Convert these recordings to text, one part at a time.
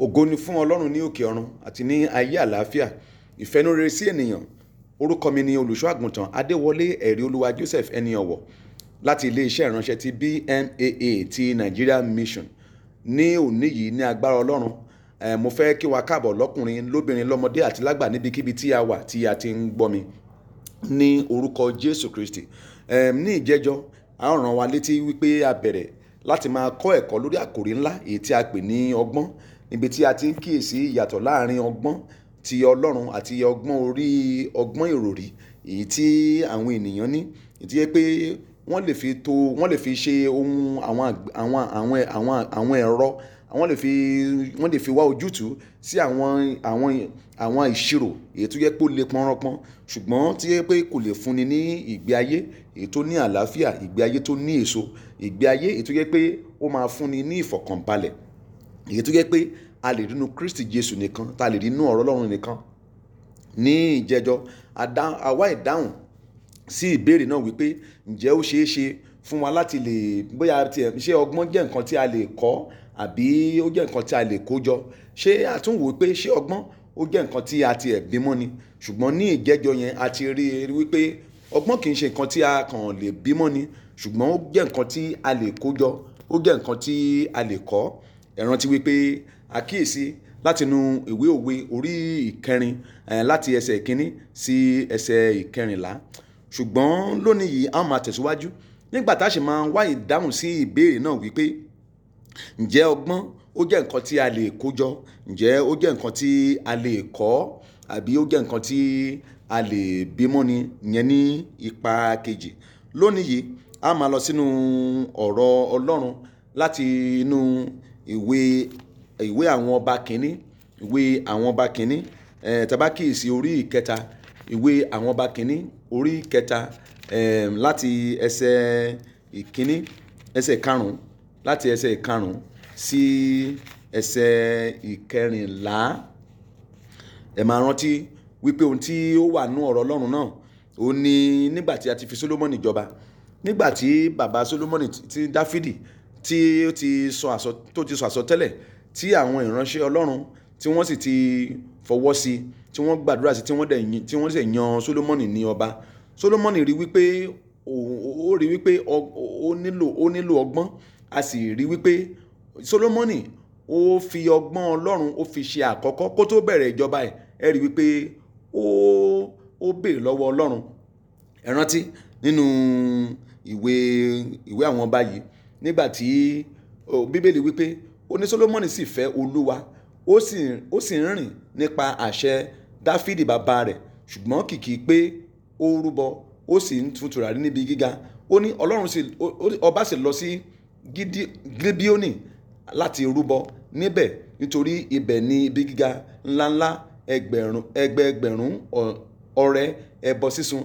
ògo ni fún ọlọ́run ní òkè ọ̀run àti ní ayé àlàáfíà ìfẹ́nurere sí ènìyàn orúkọ mi ni olùṣọ́ àgùntàn adéwọlé ẹ̀rí olúwa joseph ẹni ọ̀wọ̀ láti iléeṣẹ́ ìránṣẹ́ ti bmaa ti nigeria mission ní òní yìí ní agbára ọlọ́run mo fẹ́ kí wa káàbọ̀ lọ́kùnrin lóbìnrin lọ́mọdé àti lágbà níbikíbi tí a wà tí a ti ń gbọ́ mi ní orúkọ jésù kristi ní ìjẹ́jọ́ a rán wa létí wípé a bẹ̀rẹ̀ láti máa kọ́ ẹ̀kọ́ lórí àkòrí ńlá èyí tí a pè ní ọgbọ́n ibi tí a ti ń kíyèsí ìyàtọ̀ láàrin ọgbọ́n ti ọlọ́run àti ọgbọ́n orí ọgbọ́n ìròrí èyí tí àwọn ènìyàn ní ìdí yẹ pé wọ́n lè fi to wọ́n lè fi ṣe ohun àwọn àwọn àwọn àwọn àwọn ẹ̀rọ wọ́n lè fi wọ́n lè fi wá ojútùú sí àwọn àwọn àwọn ìṣirò èyí tó yẹ pé ó le pọnranpọn ṣùgbọ́n tí yẹ pé kò lè fúnni ní ìgbé ayé èyí tó ní àlàáfíà ìgbé ayé tó ní èso ìgbé ayé èyí tó yẹ pé ó máa fúnni ní ìfọ̀kànbalẹ̀ èyí tó jẹ́ pé a lè rí inú Kristi Jésù nìkan tá a lè rí inú ọ̀rọ̀ Ọlọ́run nìkan ní ìjẹjọ́ àwa ìdáhùn sí ìbéèrè náà wípé ǹjẹ́ ó ṣeé ṣe fún wa láti lè bóyá tiẹ̀ ṣé ọgbọ́n jẹ́ nǹkan tí a lè kọ́ àbí ó jẹ́ nǹkan tí a lè kó jọ ṣé a tún wò pé ṣé ọgbọ́n ó jẹ́ nǹkan tí a ti bímọ ni ṣùgbọ́n ní ìjẹ́jọ́ yẹn a ti rí i wípé ọgbọ́n kì í ṣe nǹkan tí a kàn lè bímọ ni ṣùgbọ́n ó jẹ́ nǹkan tí a lè kó jọ ó jẹ́ nǹkan tí a lè kọ́ ẹ rántí wípé àkíyèsí látinú ìwé òwe orí ìkẹrin láti ẹsẹ̀ ìkíní sí ẹsẹ̀ ìkẹrìnlá ṣùgbọ́n lónìí yìí a máa tẹ̀síwájú nígbà tá a sì máa wá ìdáhùn sí ìbéèrè náà wípé ǹjẹ́ ọgbọ́n ó jẹ́ nǹkan tí a lè kó jọ ǹjẹ́ ó jẹ́ nǹkan tí a lè kọ́ àbí ó jẹ́ nǹkan tí a lè bímọ ni ìyẹn ní ipa kejì lónìí yìí a máa lọ sínú ọ̀rọ̀ Ọlọ́run láti inú ìwé ìwé àwọn ọba kínní ìwé àwọn ọba kínní tàbá kíyèsí orí ìkẹta ìwé àwọn ọba kínní orí ìkẹta láti ẹsẹ̀ ìkínní ẹsẹ̀ karùn-ún láti ẹsẹ̀ karùn-ún sí ẹsẹ̀ ìkẹrìnlá ẹ máa rántí wípé ohun tí ó wà nú ọ̀rọ̀ Ọlọ́run náà ó ní nígbà tí a ti fi Solomoni jọba nígbà tí bàbá Solomoni ti Dáfídì tí ó ti sọ àsọ tó ti sọ àsọtẹ́lẹ̀ tí àwọn ìránṣẹ́ ọlọ́run tí wọ́n sì ti fọwọ́ sí tí wọ́n gbàdúrà sí tí wọ́n dẹ̀ tí wọ́n sì yan Solomoni ní ọba Solomoni rí wípé ó rí wípé ó nílò ó nílò ọgbọ́n a sì rí wípé Solomoni ó fi ọgbọ́n ọlọ́run ó fi ṣe àkọ́kọ́ kó tó bẹ̀rẹ̀ ìjọba ẹ̀ ẹ rí wípé ó ó béèrè lọ́wọ́ ọlọ́run ẹ rántí nínú ìwé ìwé àwọn ọba yìí nígbà tí bíbélì wípé ó ní Sólómọ́nì sì fẹ́ olúwa ó sì ń rìn nípa àṣẹ Dáfídì bàbá rẹ̀ ṣùgbọ́n kìkì pé ó rúbọ ó sì ń tun tùràrí níbi gíga ó ní ọlọ́run sì ọba sì lọ sí Gibeoni láti rúbọ níbẹ̀ nítorí ibẹ̀ ni ibi gíga ńláńlá ẹgbẹ̀rún ẹgbẹ̀ẹgbẹ̀rún ọrẹ ẹbọ sísun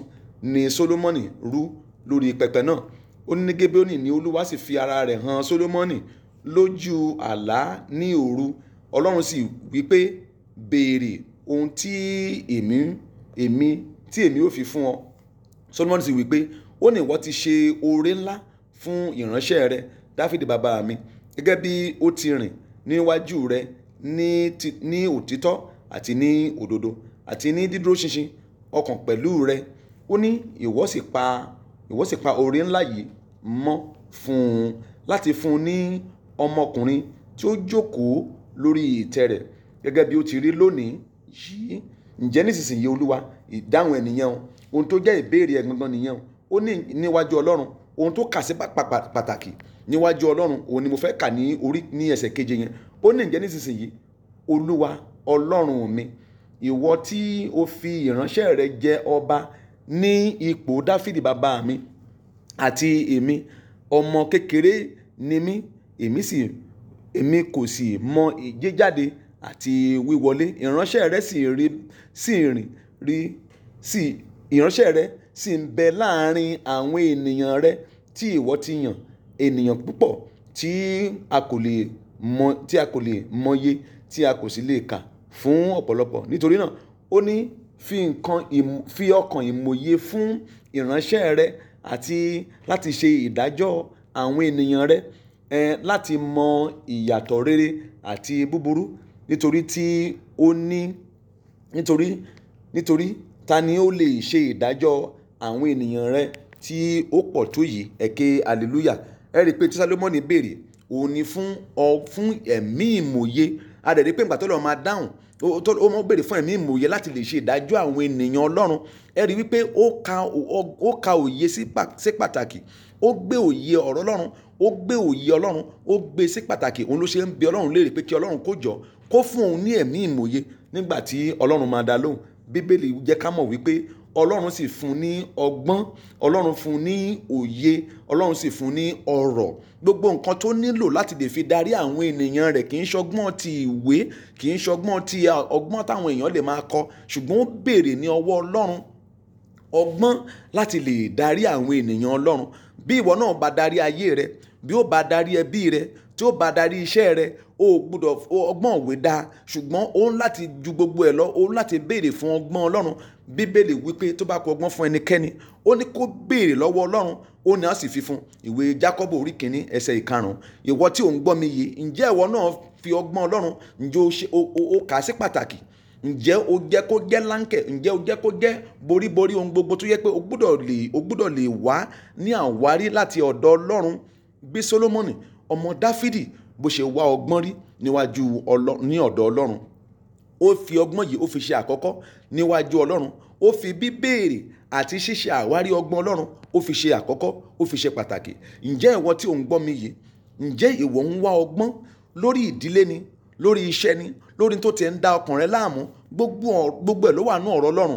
ni Sólómọ́nì rú lórí pẹpẹ náà ó ní Gébéónì ní olúwa sì fi ara rẹ̀ hàn Sólómọ́nì lójú àlá ní òru ọlọ́run sì wí pé béèrè ohun tí èmi èmi tí èmi ò fi fún ọ Sólómọ́nì sì wí ó ní ìwọ ti ṣe oore ńlá fún ìránṣẹ́ rẹ Dáfídì bàbá mi gẹ́gẹ́ bí ó ti rìn níwájú rẹ ní òtítọ́ àti ní òdodo àti ní dídúró ṣinṣin ọkàn pẹ̀lú rẹ ó ní ìwọ sì pa ìwọ sì pa oore ńlá yìí mọ́ fún un láti fún un ní ọmọkùnrin tí ó jókòó lórí ìtẹ́ rẹ̀ gẹ́gẹ́ bí ó ti rí lónìí yìí ǹjẹ́ nísinsìnyí olúwa ìdáhùn ẹ̀ nìyẹn o ohun tó jẹ́ ìbéèrè ẹ̀ gangan nìyẹn o ó ní níwájú ọlọ́run ohun tó kà sí pàtàkì níwájú ọlọ́run òun ni mo fẹ́ kà ní orí ní ẹsẹ̀ keje yẹn ó ní ǹjẹ́ nísinsìnyí olúwa ọlọ́run mi ìwọ tí o fi ìránṣẹ́ rẹ jẹ ọba ní ipò dáfídì bàbá mi àti èmi ọmọ kékeré ni mí èmi sì èmi kò sì mọ ìjẹ́jáde àti wíwọlé ìránṣẹ́ rẹ sì rí sì rìn rí sì ìránṣẹ́ rẹ sì ń bẹ láàárín àwọn ènìyàn rẹ tí ìwọ ti yàn ènìyàn púpọ̀ tí a kò lè mọ tí a kò lè mọye tí a kò sì lè kà fún ọ̀pọ̀lọpọ̀ nítorí náà ó ní fi nǹkan fi ọkàn ìmọ̀ye fún ìránṣẹ́ rẹ àti láti ṣe ìdájọ́ àwọn ènìyàn rẹ ẹ láti mọ ìyàtọ̀ rere àti búburú nítorí tí ó ní nítorí nítorí ta ni ó lè ṣe ìdájọ́ àwọn ènìyàn rẹ tí ó pọ̀ tó yìí ẹ̀kẹ́ hallelujah ẹ rí i pé tí Sálómọ́nì béèrè òun ni fún ọ ẹ̀mí ìmọ̀ye a dẹ̀ rí i pé ìgbà tó lọ́ọ́ máa dáhùn ó mọ̀ béèrè fún ẹ̀mí ìmòye láti lè ṣe ìdájọ́ àwọn ènìyàn ọlọ́run ẹ rí wípé ó ka òye sí pàtàkì ó gbé òye ọ̀rọ̀ ọlọ́run ó gbé òye ọlọ́run ó gbé sí pàtàkì òun ló ṣe ń bi ọlọ́run léèrè pé kí ọlọ́run kó jọ kó fún òun ní ẹ̀mí ìmòye nígbà tí ọlọ́run máa dá lóhùn bíbélì jẹ́ ká mọ̀ wípé ọlọ́run sì fún ní ọgbọ́n ọlọ́run fún ní òye ọlọ́run sì fún ní ọ̀rọ̀ gbogbo nǹkan tó nílò láti lè fi darí àwọn ènìyàn rẹ̀ kì í ṣọgbọ́n ti ìwé kì í ṣọgbọ́n ti ọgbọ́n táwọn èèyàn lè máa kọ ṣùgbọ́n ó béèrè ní ọwọ́ ọlọ́run ọgbọ́n láti lè darí àwọn ènìyàn ọlọ́run bí ìwọ náà bá darí ayé rẹ bí ó bá darí ẹbí rẹ tí ó bá darí iṣẹ́ rẹ o gbúdọ̀ ọgbọ́n òwe dá ṣùgbọ́n o ń láti ju gbogbo ẹ̀ lọ o ń láti béèrè fún ọgbọ́n ọlọ́run bíbélì wípé tó bá kọ ọgbọ́n fún ẹnikẹ́ni ó ní kó béèrè lọ́wọ́ ọlọ́run ó ní á sì fi fún ìwé Jákọ́bù orí kìíní ẹsẹ̀ ìkarùn-ún ìwọ tí ò ń gbọ́ mi yìí ǹjẹ́ ìwọ náà fi ọgbọ́n ọlọ́run ǹjẹ́ o kà á sí pàtàkì ǹjẹ́ o jẹ́ kó jẹ́ láńkẹ̀ ǹjẹ́ o jẹ́ kó jẹ́ boríborí ohun gbogbo tó yẹ pé o gbúdọ̀ lè o gbúdọ̀ lè wá ní àwárí láti ọ̀dọ̀ ọlọ́run bí Sólómọ́nì ọmọ Dáfídì bó ṣe wá ọgbọ́n rí níwájú ní ọ̀dọ̀ ọlọ́run ó fi ọgbọ́n yìí ó fi ṣe àkọ́kọ́ níwájú ọlọ́run ó fi bíbéèrè àti ṣíṣe àwárí ọgbọ́n ọlọ́run ó fi ṣe àkọ́kọ́ ó fi ṣe pàtàkì ǹjẹ́ ìwọ tí ò ń gbọ́ mi yìí ǹjẹ́ ìwọ ń wá ọgbọ́n lórí ìdílé ni lórí iṣẹ́ ni lórí tó ti ń da ọkàn rẹ láàmú gbogbo ẹ̀ ló wà nú ọ̀rọ̀ ọlọ́run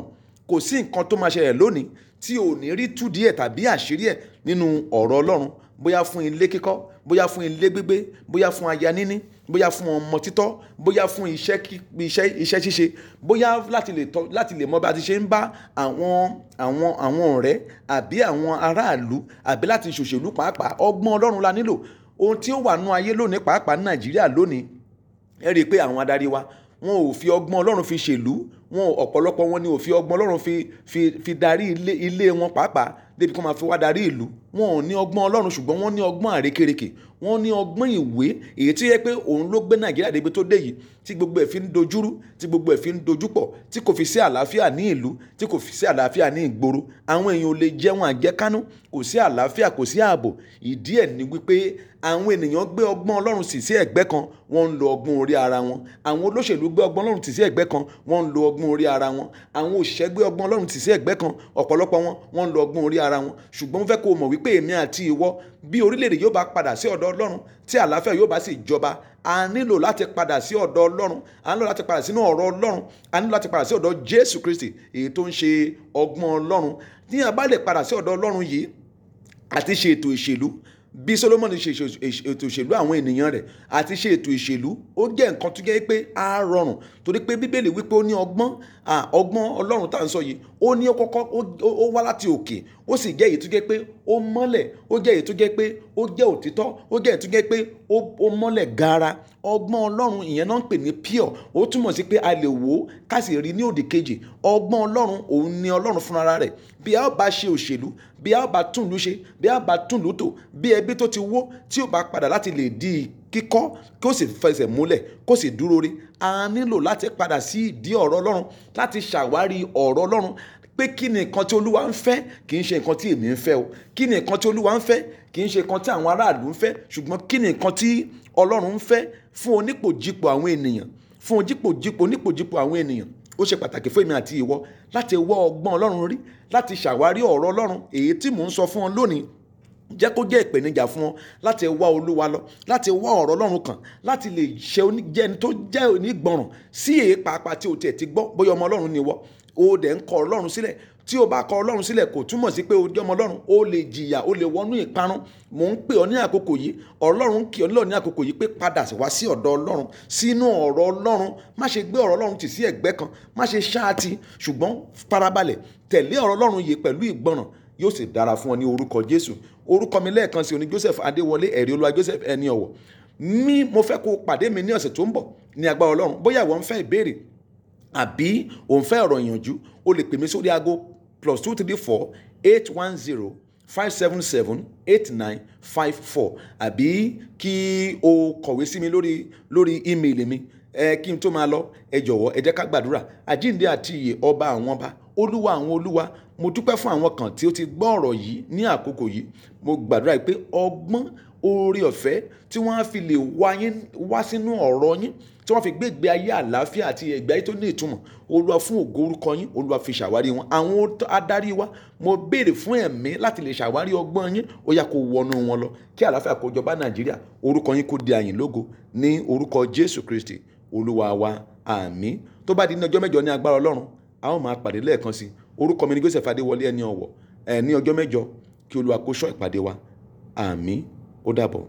kò sí nǹkan tó máa ṣẹlẹ̀ lónìí tí ò ní rí tú díẹ̀ tàbí àṣírí ẹ̀ nínú ọ̀rọ̀ ọlọ́run bóyá fún ilé kíkọ́ bóyá fún ilé gbígbé bóyá fún aya níní bóyá fún ọmọ títọ́ bóyá fún iṣẹ́ iṣẹ́ iṣẹ́ ṣíṣe bóyá láti lè tọ́ láti lè mọ bá a ti ṣe ń bá àwọn àwọn àwọn ọ̀rẹ́ àbí àwọn aráàlú àbí láti ṣòṣèlú pàápàá ọgbọ́n ọlọ́run la nílò ohun tí ó wà nú ayé lónìí pàápàá ní nàìjíríà lónìí ẹ rí i pé àwọn adarí wa wọn ò fi ọgbọ́n ọlọ́run fi ṣèlú wọn ọ̀pọ̀lọpọ̀ wọn ni ò fi ọgbọ́n ọlọ́run fi fi fi darí ilé ilé wọn pàápàá débi kan máa fi wá darí ìlú wọn ò ní ọgbọ́n ọlọ́run ṣùgbọ́n wọ́n ní ọgbọ́n àrékérekè wọ́n ní ọgbọ́n ìwé èyí tí yẹ pé òun ló gbé nàìjíríà débi tó dé yìí tí gbogbo ẹ̀ fi ń dojúrú tí gbogbo ẹ̀ fi ń dojúpọ̀ tí kò fi sí àlàáfíà ní ìlú tí kò fi sí àlàáfíà ní ìgboro àwọn èèyàn ò lè jẹun àjẹkánú kò sí àlàáfíà kò sí ààbò ìdí ẹ̀ ni wípé àwọn ènìyàn gbé ọgbọ́n ọlọ́run sì sí ẹ̀gbẹ́ kan wọ́n ń lo ọgbọ́n orí ara wọn àwọn olóṣèlú gbé ọgbọ́n ọlọ́run sì sí ẹ̀gbẹ́ kan wọ́n ń lo ọgbọ́n orí ara wọn àwọn òṣìṣẹ́ gbé ọgbọ́n ọlọ́run sì sí ẹ̀gbẹ́ kan ọ̀pọ̀lọpọ̀ wọn wọ́n ń lo ọgbọ́n orí ara wọn ṣùgbọ́n fẹ́ kó mọ̀ wípé èmi àti ìwọ bí orílẹ̀-èdè yóò bá padà sí ọ̀dọ̀ ọlọ́run tí àlàáfíà yóò bá sì jọba a nílò láti padà sí ọ̀dọ̀ ọlọ́run a nílò láti padà sínú ọ̀rọ̀ ọlọ́run a nílò láti padà sí ọ̀dọ̀ jésù kristi èyí tó ń ṣe ọgbọ́n ọlọ́run tí a bá lè padà sí ọ̀dọ̀ ọlọ́run yìí àti ṣe ètò ìṣèlú bí solomoni ṣe ètò ìṣèlú àwọn ènìyàn rẹ̀ àti ṣe ètò ìṣèlú ó jẹ́ nǹkan tó jẹ́ pé á rọrùn torí pé bíbélì wípé ó ní ọgbọ́n ọgbọ́n ọlọ́run tá à ń sọ yìí ó ní ó kọ́kọ́ ó wá láti òkè ó sì jẹ́ èyí tó jẹ́ pé ó mọ́lẹ̀ ó jẹ́ èyí tó jẹ́ pé ó jẹ́ òtítọ́ ó jẹ́ èyí tó jẹ́ pé ó mọ́lẹ̀ gaara ọgbọ́n ọlọ́run ìyẹn náà ń pè ní pure ó túmọ̀ sí pé a lè wò ó ká sì rí ní òdì kejì ọgbọ́n ọlọ́run òun ni ọlọ́run fúnra rẹ̀ bí a bá ṣe òṣèlú bí a bá túnlù ṣe bí a bá túnlù tò bí ẹbí tó ti wó tí ò bá padà láti lè di kíkọ́ kí ó sì fẹsẹ̀ múlẹ̀ kó sì dúró re a nílò láti padà sí ìdí ọ̀rọ̀ ọlọ́run láti ṣàwárí ọ̀rọ̀ ọlọ́run pé kí ni nǹkan tí olúwa ń fẹ́ kì í ṣe nǹkan tí èmi ń fẹ́ o kí ni nǹkan tí olúwa ń fẹ́ kì í ṣe nǹkan tí àwọn aráàlú ń fẹ́ ṣùgbọ́n kí ni nǹkan tí ọlọ́run ń fẹ́ fún onípòjìpò àwọn ènìyàn fún onípòjìpò onípòjìpò àwọn ènìyàn ó ṣe pàtàkì fún èmi àti ìwọ láti wọ ọgbọ́n ọlọ́run rí láti ṣàwárí ọ̀rọ̀ ọlọ́run èyí tí mò ń sọ fún ọ lónìí jẹ́ kó jẹ́ ìpèníjà fún ọ láti wá olúwa lọ láti wá ọ̀rọ̀ ọlọ́run kan láti lè ṣe jẹ́ ẹni tó jẹ́ onígbọ̀ràn sí èyí pàápàá tí o tiẹ̀ ti gbọ́ bóyá ọmọ ọlọ́run ni wọ́n o dẹ̀ ń kọ ọlọ́run sílẹ̀ tí o bá kọ ọlọ́run sílẹ̀ kò túmọ̀ sí pé o jẹ́ ọmọ ọlọ́run o lè jìyà o lè wọnú ìparun mò ń pè ọ ní àkókò yìí ọlọ́run kì ọ́ nílò ní àkókò yìí pé padà wá sí ọ̀dọ̀ ọlọ́run sínú ọ̀rọ̀ ọlọ́run má ṣe gbé ọ̀rọ̀ ọlọ́run tì sí ẹ̀gbẹ́ kan má ṣe ṣáàtì ṣùgbọ́n farabalẹ̀ tẹ̀lé ọ̀rọ̀ ọlọ́run yìí pẹ̀lú ìgbọràn yóò sì dára fún ọ ní orúkọ jésù orúkọ mi lẹ́ẹ̀kan sí oní joseph adéwọlé ẹ̀rí olúwa joseph ẹni ọ̀wọ̀ mi mo fẹ́ kó pàdé mi ní ọ̀sẹ̀ tó ń bọ̀ ní agbára ọlọ́run bóyá ìwọ ń fẹ́ ìbéèrè àbí òun fẹ́ ọ̀rọ̀ ìyànjú o lè pè mí sórí aago plus two three four eight one zero five seven seven eight nine five four àbí kí o kọ̀wé sí mi lórí lórí ímeèlì mi ẹ kí n tó máa lọ ẹ jọ̀wọ́ ẹ jẹ́ ká gbàdúrà àjíǹde àti ìyè ọba àwọn ọba olúwa àwọn olúwa mo dúpẹ́ fún àwọn kan tí ó ti gbọ́ ọ̀rọ̀ yìí ní àkókò yìí mo gbàdúrà pé ọgbọ́n oore ọ̀fẹ́ tí wọ́n á fi lè wá yín wá sínú ọ̀rọ̀ yín tí wọ́n fi gbé ìgbé ayé àlàáfíà àti ìgbé ayé tó ní ìtumọ̀ olúwa fún ògo orúkọ yín olúwa fi ṣàwárí wọn àwọn adarí wa mo béèrè fún ẹ̀mí láti lè ṣàwárí ọgbọ́n yín ó yá kó wọnú wọn lọ kí àlàáfíà kó jọba nàìjíríà orúkọ yín kó di àyìn lógo ní orúkọ jésù kristi olúwa wa àmín tó bá di ní ọjọ́ mẹ́jọ ní agbára ọlọ́run a ó máa pàdé lẹ́ẹ̀kan sí orúkọ mi ni joseph adéwọlé ẹni ọ̀wọ̀ ẹ̀ ní ọjọ́ mẹ́jọ kí olúwa kó ṣọ́ ìpàdé wa àmín ਉਡਾਪੋ